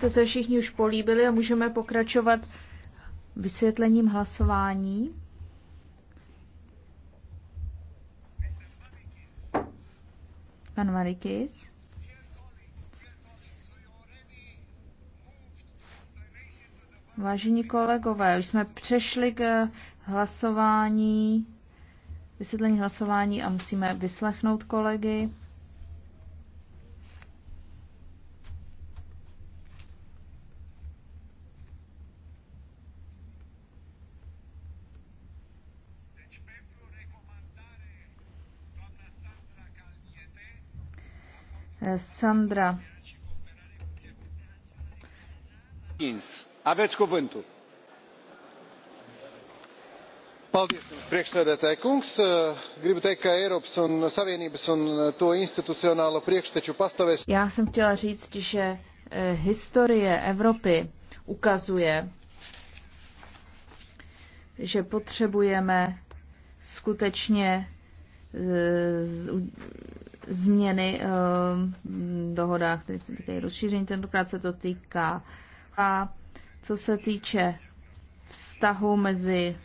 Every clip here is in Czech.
Jste se všichni už políbili a můžeme pokračovat vysvětlením hlasování. Pan Marikis. Vážení kolegové, už jsme přešli k hlasování, vysvětlení hlasování a musíme vyslechnout kolegy. Eh, Sandra. Aveți cuvântul. Paldies jums, priekšsēdētāji kungs. Eh, gribu teikt, ka Eiropas un Savienības un eh, to institucionālo priekšteču pastāvēs. Já jsem chtěla říct, že historie Evropy ukazuje, že potřebujeme skutečně změny eh, v dohodách, které se týkají rozšíření. Tentokrát se to týká a co se týče vztahu mezi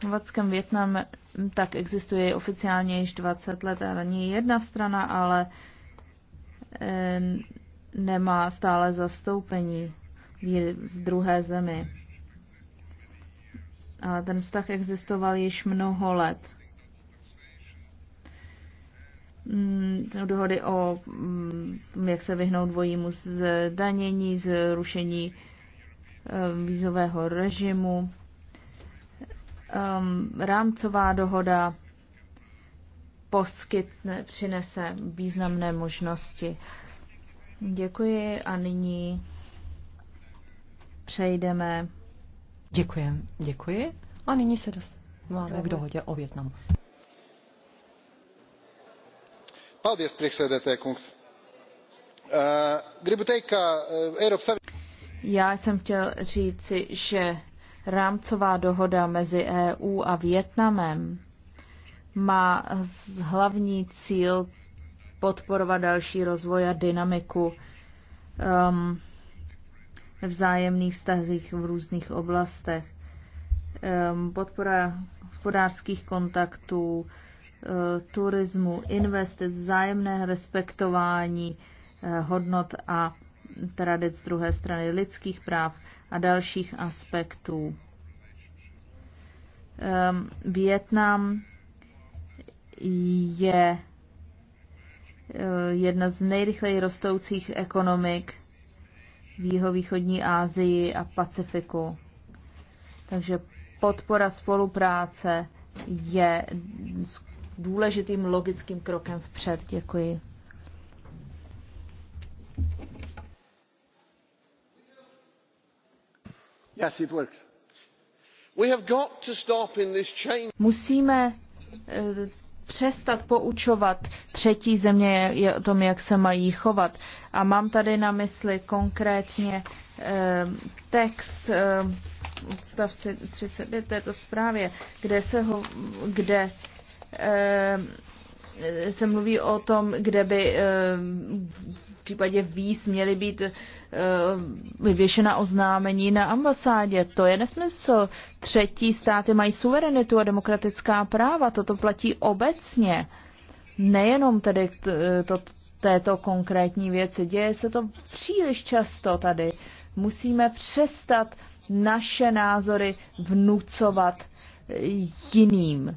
Chorvatskem Větnamem, tak existuje oficiálně již 20 let a není jedna strana, ale eh, nemá stále zastoupení v druhé zemi. A ten vztah existoval již mnoho let. Mm, dohody o, mm, jak se vyhnout dvojímu zdanění, zrušení eh, vízového režimu, ehm, rámcová dohoda poskytne, přinese významné možnosti. Děkuji a nyní přejdeme. Děkuji, děkuji. A nyní se dostáváme k dohodě o Větnamu. Já jsem chtěl říci, že rámcová dohoda mezi EU a Větnamem má hlavní cíl podporovat další rozvoj a dynamiku um, vzájemných vztazích v různých oblastech. Um, podpora hospodářských kontaktů, Eh, turismu, investic, vzájemné respektování eh, hodnot a tradic druhé strany lidských práv a dalších aspektů. Vietnam je eh, jedna z nejrychleji rostoucích ekonomik v jihovýchodní Asii a Pacifiku. Takže podpora spolupráce je důležitým logickým krokem vpřed. Děkuji. Yes, it works. We have got to stop in this chain. Musíme eh, přestat poučovat třetí země je, o tom, jak se mají chovat. A mám tady na mysli konkrétně eh, text eh, odstavce 35 této zprávě, kde, se ho, kde Eh, se mluví o tom, kde by eh, v případě víz měly být eh, vyvěšena oznámení na ambasádě. To je nesmysl. Třetí státy mají suverenitu a demokratická práva. Toto platí obecně. Nejenom tedy to, této konkrétní věci. Děje se to příliš často tady. Musíme přestat naše názory vnucovat jiným.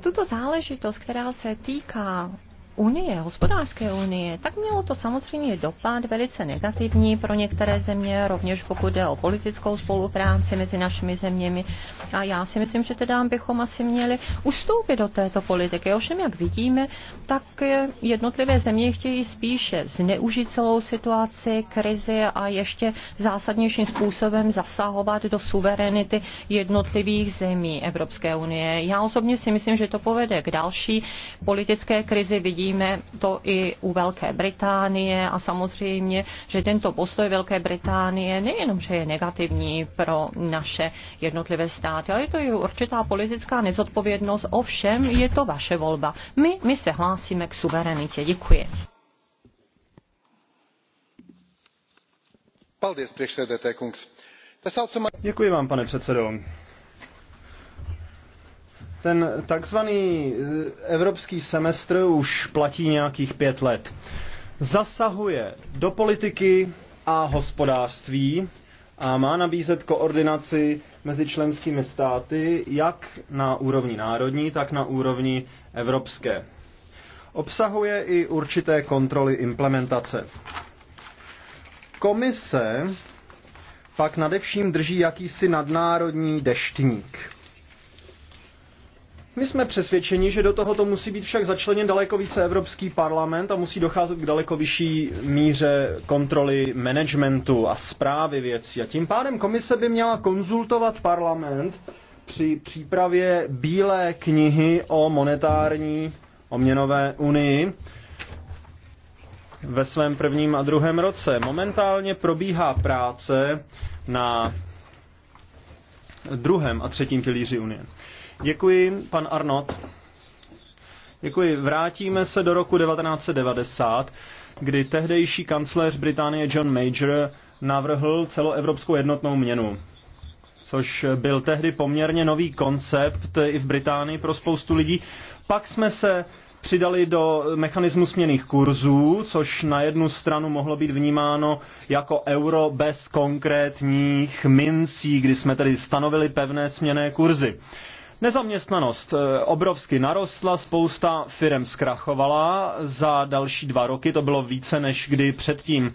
tuto záležitost, která se týká unie, hospodářské unie, tak mělo to samozřejmě dopad velice negativní pro některé země, rovněž pokud jde o politickou spolupráci mezi našimi zeměmi. A já si myslím, že teda bychom asi měli ustoupit do této politiky. Ovšem, jak vidíme, tak jednotlivé země chtějí spíše zneužít celou situaci, krizi a ještě zásadnějším způsobem zasahovat do suverenity jednotlivých zemí Evropské unie. Já osobně si myslím, že to povede k další politické krizi. Vidí vidíme to i u Velké Británie a samozřejmě, že tento postoj Velké Británie nejenom, že je negativní pro naše jednotlivé státy, ale je to i určitá politická nezodpovědnost, ovšem je to vaše volba. My, my se hlásíme k suverenitě. Děkuji. Děkuji vám, pane předsedo ten takzvaný eh, evropský semestr už platí nějakých pět let. Zasahuje do politiky a hospodářství a má nabízet koordinaci mezi členskými státy jak na úrovni národní, tak na úrovni evropské. Obsahuje i určité kontroly implementace. Komise pak nadevším drží jakýsi nadnárodní deštník my jsme přesvědčeni, že do tohoto musí být však začleněn daleko více Evropský parlament a musí docházet k daleko vyšší míře kontroly managementu a zprávy věcí. A tím pádem komise by měla konzultovat parlament při přípravě bílé knihy o monetární, o měnové unii ve svém prvním a druhém roce. Momentálně probíhá práce na druhém a třetím pilíři unie. Děkuji, pan Arnott. Děkuji. Vrátíme se do roku 1990, kdy tehdejší kancléř Británie John Major navrhl celoevropskou jednotnou měnu což byl tehdy poměrně nový koncept i v Británii pro spoustu lidí. Pak jsme se přidali do mechanismu směných kurzů, což na jednu stranu mohlo být vnímáno jako euro bez konkrétních mincí, kdy jsme tedy stanovili pevné směné kurzy. Nezaměstnanost eh, obrovsky narostla, spousta firm zkrachovala, za další dva roky to bylo více než kdy předtím.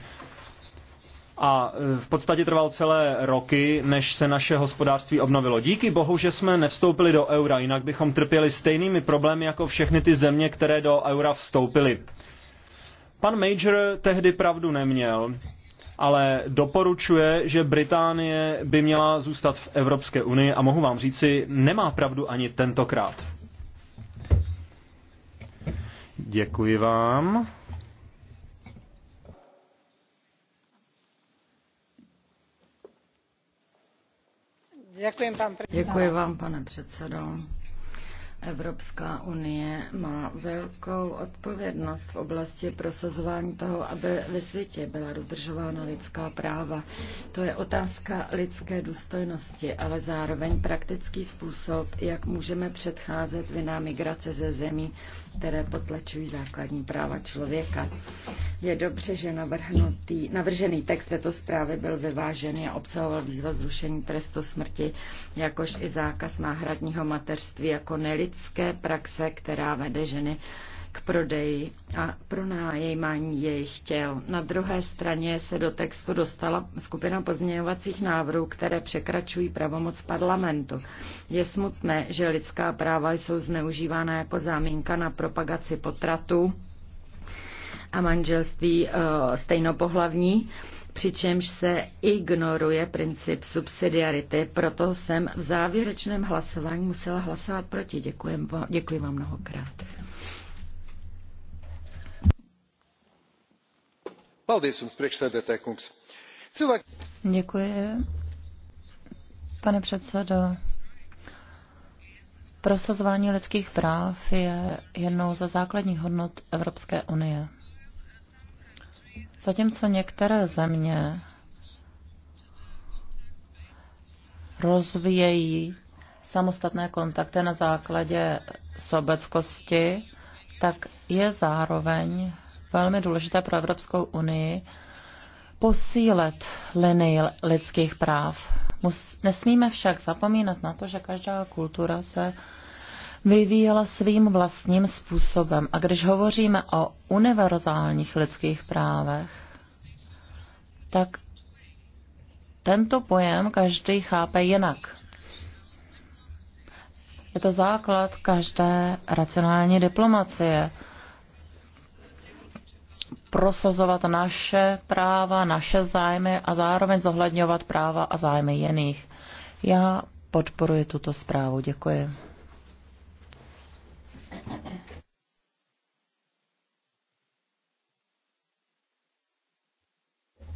A eh, v podstatě trval celé roky, než se naše hospodářství obnovilo. Díky bohu, že jsme nevstoupili do eura, jinak bychom trpěli stejnými problémy jako všechny ty země, které do eura vstoupily. Pan Major tehdy pravdu neměl ale doporučuje, že Británie by měla zůstat v Evropské unii a mohu vám říci, nemá pravdu ani tentokrát. Děkuji vám. Děkuji vám, pane předsedo. Evropská unie má velkou odpovědnost v oblasti prosazování toho, aby ve světě byla dodržována lidská práva. To je otázka lidské důstojnosti, ale zároveň praktický způsob, jak můžeme předcházet vinám migrace ze zemí, které potlačují základní práva člověka. Je dobře, že navrhnutý, navržený text této zprávy byl vyvážený a obsahoval výzva zrušení trestu smrti, jakož i zákaz náhradního mateřství jako nelidský ekonomické praxe, která vede ženy k prodeji a pronájímání jejich těl. Na druhé straně se do textu dostala skupina pozměňovacích návrhů, které překračují pravomoc parlamentu. Je smutné, že lidská práva jsou zneužívána jako záminka na propagaci potratu a manželství eh, stejnopohlavní přičemž se ignoruje princip subsidiarity, proto jsem v závěrečném hlasování musela hlasovat proti. Děkuji vám, děkuji vám mnohokrát. Děkuji, pane předsedo. Prosazování lidských práv je jednou ze základních hodnot Evropské unie. Zatímco některé země rozvíjejí samostatné kontakty na základě sobeckosti, tak je zároveň velmi důležité pro Evropskou unii posílet linii lidských práv. nesmíme však zapomínat na to, že každá kultura se vyvíjela svým vlastním způsobem. A když hovoříme o univerzálních lidských právech, tak tento pojem každý chápe jinak. Je to základ každé racionální diplomacie. Prosazovat naše práva, naše zájmy a zároveň zohledňovat práva a zájmy jiných. Já podporuji tuto zprávu. Děkuji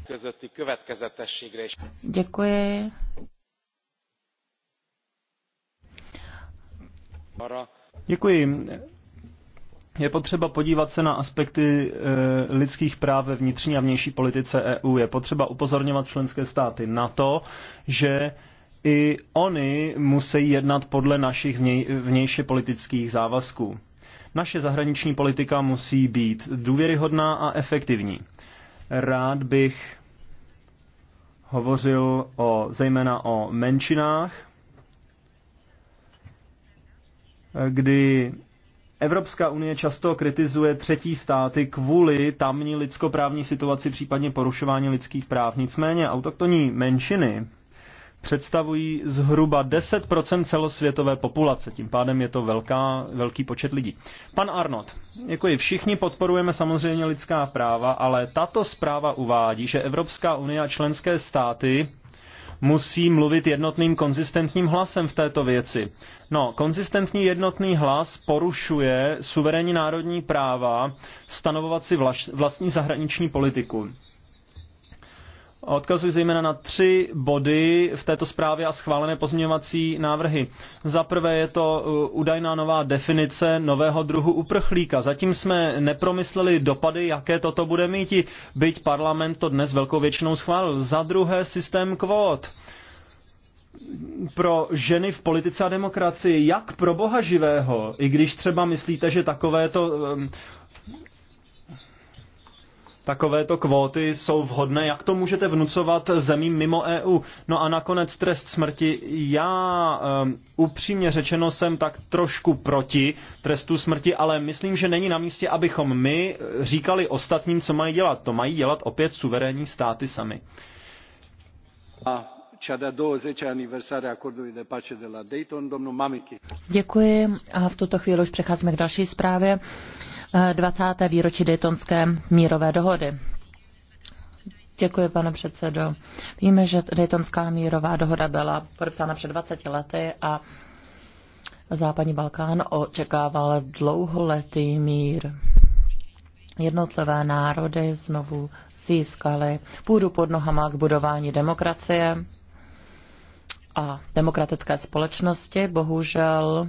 közötti következetességre is. Děkuji. Děkuji. Je potřeba podívat se na aspekty e, lidských práv ve vnitřní a vnější politice EU. Je potřeba upozorňovat členské státy na to, že i oni musí jednat podle našich vněj, vnější politických závazků. Naše zahraniční politika musí být důvěryhodná a efektivní. Rád bych hovořil o, zejména o menšinách, kdy Evropská unie často kritizuje třetí státy kvůli tamní lidskoprávní situaci, případně porušování lidských práv. Nicméně autoktonní menšiny představují zhruba 10% celosvětové populace, tím pádem je to velká, velký počet lidí. Pan Arnold, i Všichni podporujeme samozřejmě lidská práva, ale tato zpráva uvádí, že Evropská unie a členské státy musí mluvit jednotným konzistentním hlasem v této věci. No, konzistentní jednotný hlas porušuje suverénní národní práva stanovovat si vlastní zahraniční politiku. Odkazuji zejména na tři body v této zprávě a schválené pozměňovací návrhy. Za prvé je to uh, údajná nová definice nového druhu uprchlíka. Zatím jsme nepromysleli dopady, jaké toto bude mít, byť parlament to dnes velkou většinou schválil. Za druhé systém kvót pro ženy v politice a demokracii, jak pro boha živého, i když třeba myslíte, že takovéto um, takovéto kvóty jsou vhodné. Jak to můžete vnucovat zemím mimo EU? No a nakonec trest smrti. Já um, upřímně řečeno jsem tak trošku proti trestu smrti, ale myslím, že není na místě, abychom my eh, říkali ostatním, co mají dělat. To mají dělat opět suverénní státy sami. A cea de-a 20 aniversare a acordului de pace de la Dayton, domnul Mamiki. Děkuji a v tuto chvíli už přecházíme k další zprávě. 20. výročí Daytonské mírové dohody. Děkuji, pane předsedo. Víme, že Daytonská mírová dohoda byla podepsána před 20 lety a západní Balkán očekával dlouholetý mír. Jednotlivé národy znovu získaly půdu pod nohama k budování demokracie a demokratické společnosti. Bohužel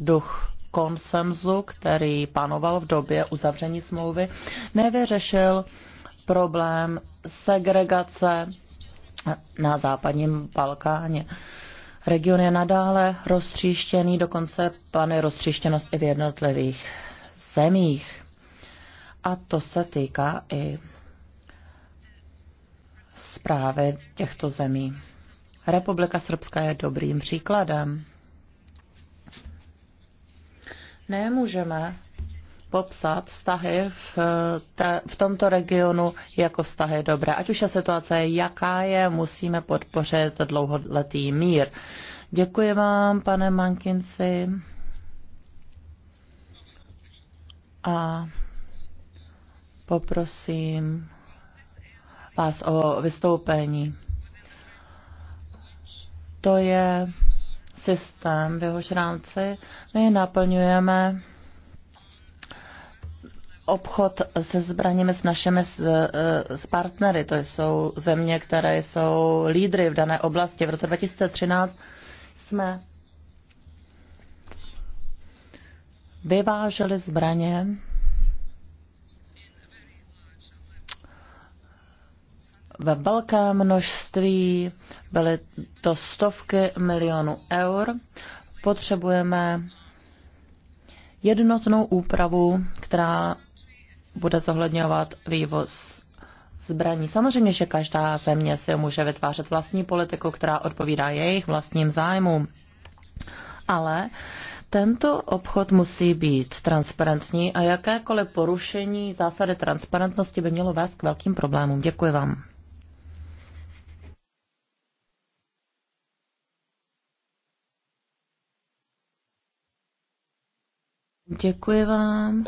duch konsenzu, který panoval v době uzavření smlouvy, nevyřešil problém segregace na západním Balkáně. Region je nadále roztříštěný, dokonce panuje roztříštěnost i v jednotlivých zemích. A to se týká i zprávy těchto zemí. Republika Srbská je dobrým příkladem. Nemůžeme popsat vztahy v, te, v tomto regionu jako vztahy dobré. Ať už je situace jaká je, musíme podpořit dlouholetý mír. Děkuji vám, pane Mankinci. A poprosím vás o vystoupení. To je systém, v jehož rámci my naplňujeme obchod se zbraněmi s našimi z, z e, partnery. To jsou země, které jsou lídry v dané oblasti. V roce 2013 jsme vyváželi zbraně ve velkém množství, byly to stovky milionů eur. Potřebujeme jednotnou úpravu, která bude zohledňovat vývoz zbraní. Samozřejmě, že každá země si může vytvářet vlastní politiku, která odpovídá jejich vlastním zájmům. Ale tento obchod musí být transparentní a jakékoliv porušení zásady transparentnosti by mělo vést k velkým problémům. Děkuji vám. Děkuji vám.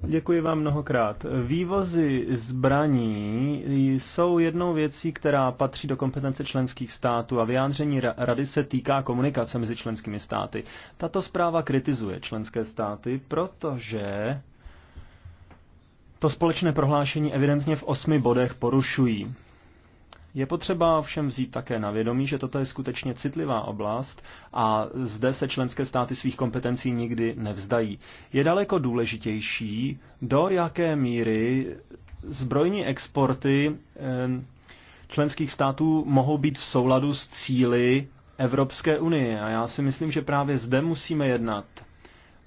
Děkuji vám mnohokrát. Vývozy zbraní jsou jednou věcí, která patří do kompetence členských států a vyjádření rady se týká komunikace mezi členskými státy. Tato zpráva kritizuje členské státy, protože to společné prohlášení evidentně v osmi bodech porušují. Je potřeba všem vzít také na vědomí, že toto je skutečně citlivá oblast a zde se členské státy svých kompetencí nikdy nevzdají. Je daleko důležitější, do jaké míry zbrojní exporty členských států mohou být v souladu s cíly Evropské unie. A já si myslím, že právě zde musíme jednat.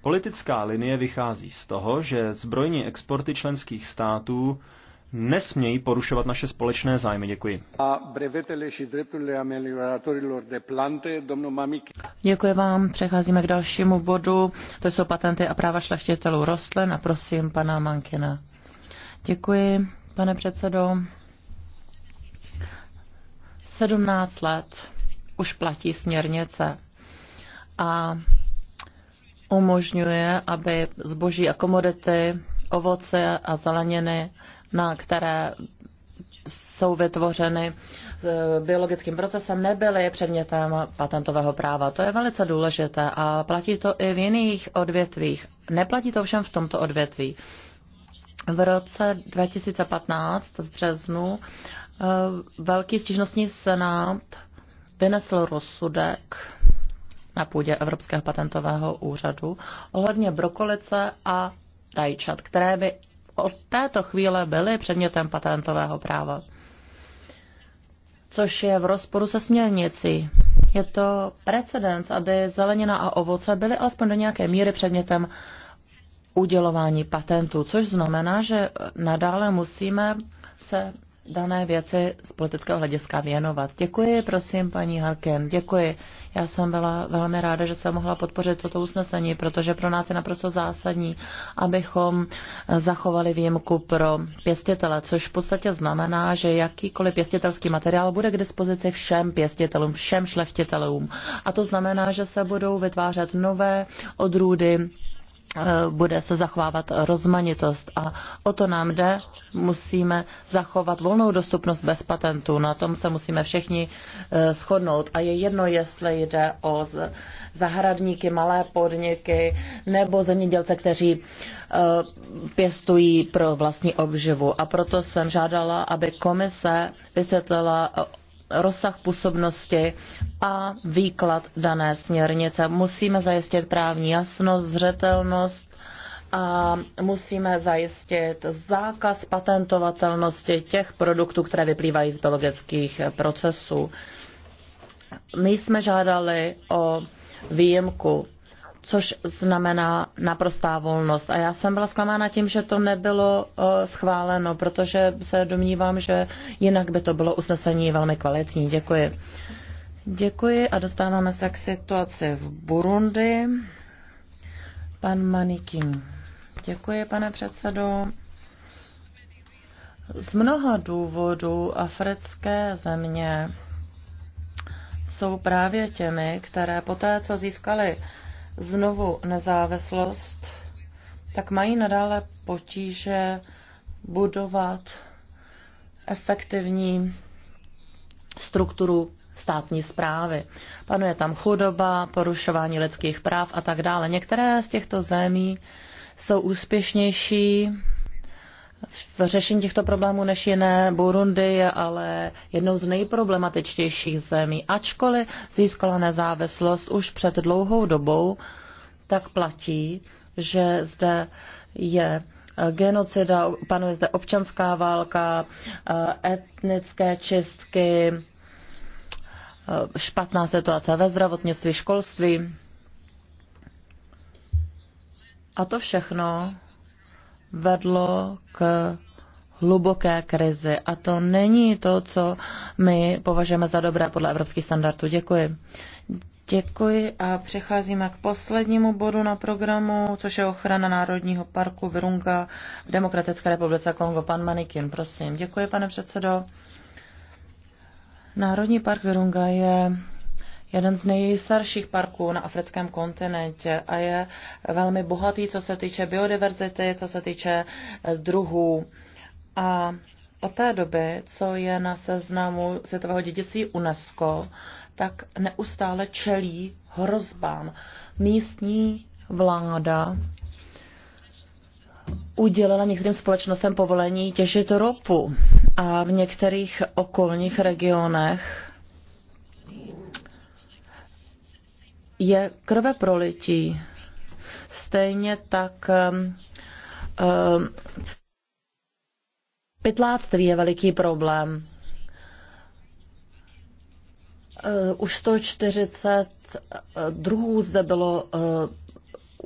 Politická linie vychází z toho, že zbrojní exporty členských států nesmějí porušovat naše společné zájmy. Děkuji. Děkuji vám. Přecházíme k dalšímu bodu. To jsou patenty a práva šlechtitelů rostlin a prosím pana Mankina. Děkuji, pane předsedo. 17 let už platí směrnice a umožňuje, aby zboží a komodity, ovoce a zeleniny na které jsou vytvořeny eh, biologickým procesem, nebyly předmětem patentového práva. To je velice důležité a platí to i v jiných odvětvích. Neplatí to všem v tomto odvětví. V roce 2015 v březnu eh, Velký stížnostní senát vynesl rozsudek na půdě Evropského patentového úřadu ohledně brokolice a rajčat, které by od této chvíle byly předmětem patentového práva, což je v rozporu se směrnicí. Je to precedens, aby zelenina a ovoce byly alespoň do nějaké míry předmětem udělování patentů, což znamená, že nadále musíme se dané věci z politického hlediska věnovat. Děkuji, prosím, paní Harken, děkuji. Já jsem byla velmi ráda, že jsem mohla podpořit toto usnesení, protože pro nás je naprosto zásadní, abychom zachovali výjimku pro pěstitele, což v podstatě znamená, že jakýkoliv pěstitelský materiál bude k dispozici všem pěstitelům, všem šlechtitelům. A to znamená, že se budou vytvářet nové odrůdy Eh, bude se zachovávat rozmanitost. A o to nám jde, musíme zachovat volnou dostupnost bez patentů. Na tom se musíme všichni eh, shodnout. A je jedno, jestli jde o zahradníky, malé podniky nebo zemědělce, kteří eh, pěstují pro vlastní obživu. A proto jsem žádala, aby komise vysvětlila rozsah působnosti a výklad dané směrnice. Musíme zajistit právní jasnost, zřetelnost a musíme zajistit zákaz patentovatelnosti těch produktů, které vyplývají z biologických procesů. My jsme žádali o výjimku což znamená naprostá volnost. A já jsem byla zklamána tím, že to nebylo eh, schváleno, protože se domnívám, že jinak by to bylo usnesení velmi kvalitní. Děkuji. Děkuji a dostáváme se k situaci v Burundi. Pan Manikin. Děkuji, pane předsedo. Z mnoha důvodů africké země jsou právě těmi, které poté, co získali znovu nezávislost, tak mají nadále potíže budovat efektivní strukturu státní zprávy. Panuje tam chudoba, porušování lidských práv a tak dále. Některé z těchto zemí jsou úspěšnější v řešení těchto problémů než jiné. Burundi je ale jednou z nejproblematičtějších zemí. Ačkoliv získala nezávislost už před dlouhou dobou, tak platí, že zde je eh, genocida, panuje zde občanská válka, eh, etnické čistky, eh, špatná situace ve zdravotnictví, školství. A to všechno vedlo k hluboké krizi. A to není to, co my považujeme za dobré podle evropských standardů. Děkuji. Děkuji a přecházíme k poslednímu bodu na programu, což je ochrana Národního parku Virunga v Demokratické republice Kongo. Pan Manikin, prosím. Děkuji, pane předsedo. Národní park Virunga je jeden z nejstarších parků na africkém kontinentě a je velmi bohatý, co se týče biodiverzity, co se týče eh, druhů. A od té doby, co je na seznamu světového dědictví UNESCO, tak neustále čelí hrozbám. Místní vláda udělala některým společnostem povolení těžit ropu a v některých okolních regionech je krve prolití. Stejně tak um, um, pytláctví je veliký problém. Uh, už 140 uh, druhů zde bylo uh,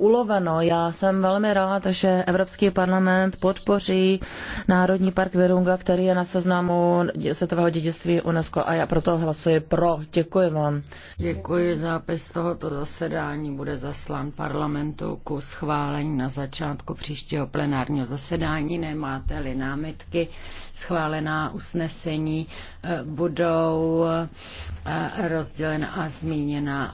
uloveno. Já jsem velmi rád, že Evropský parlament podpoří Národní park Virunga, který je na seznamu světového dědictví UNESCO a já proto hlasuji pro. Děkuji vám. Děkuji. Zápis tohoto zasedání bude zaslán parlamentu ku schválení na začátku příštího plenárního zasedání. Nemáte-li námitky, schválená usnesení eh, budou eh, rozdělena a zmíněna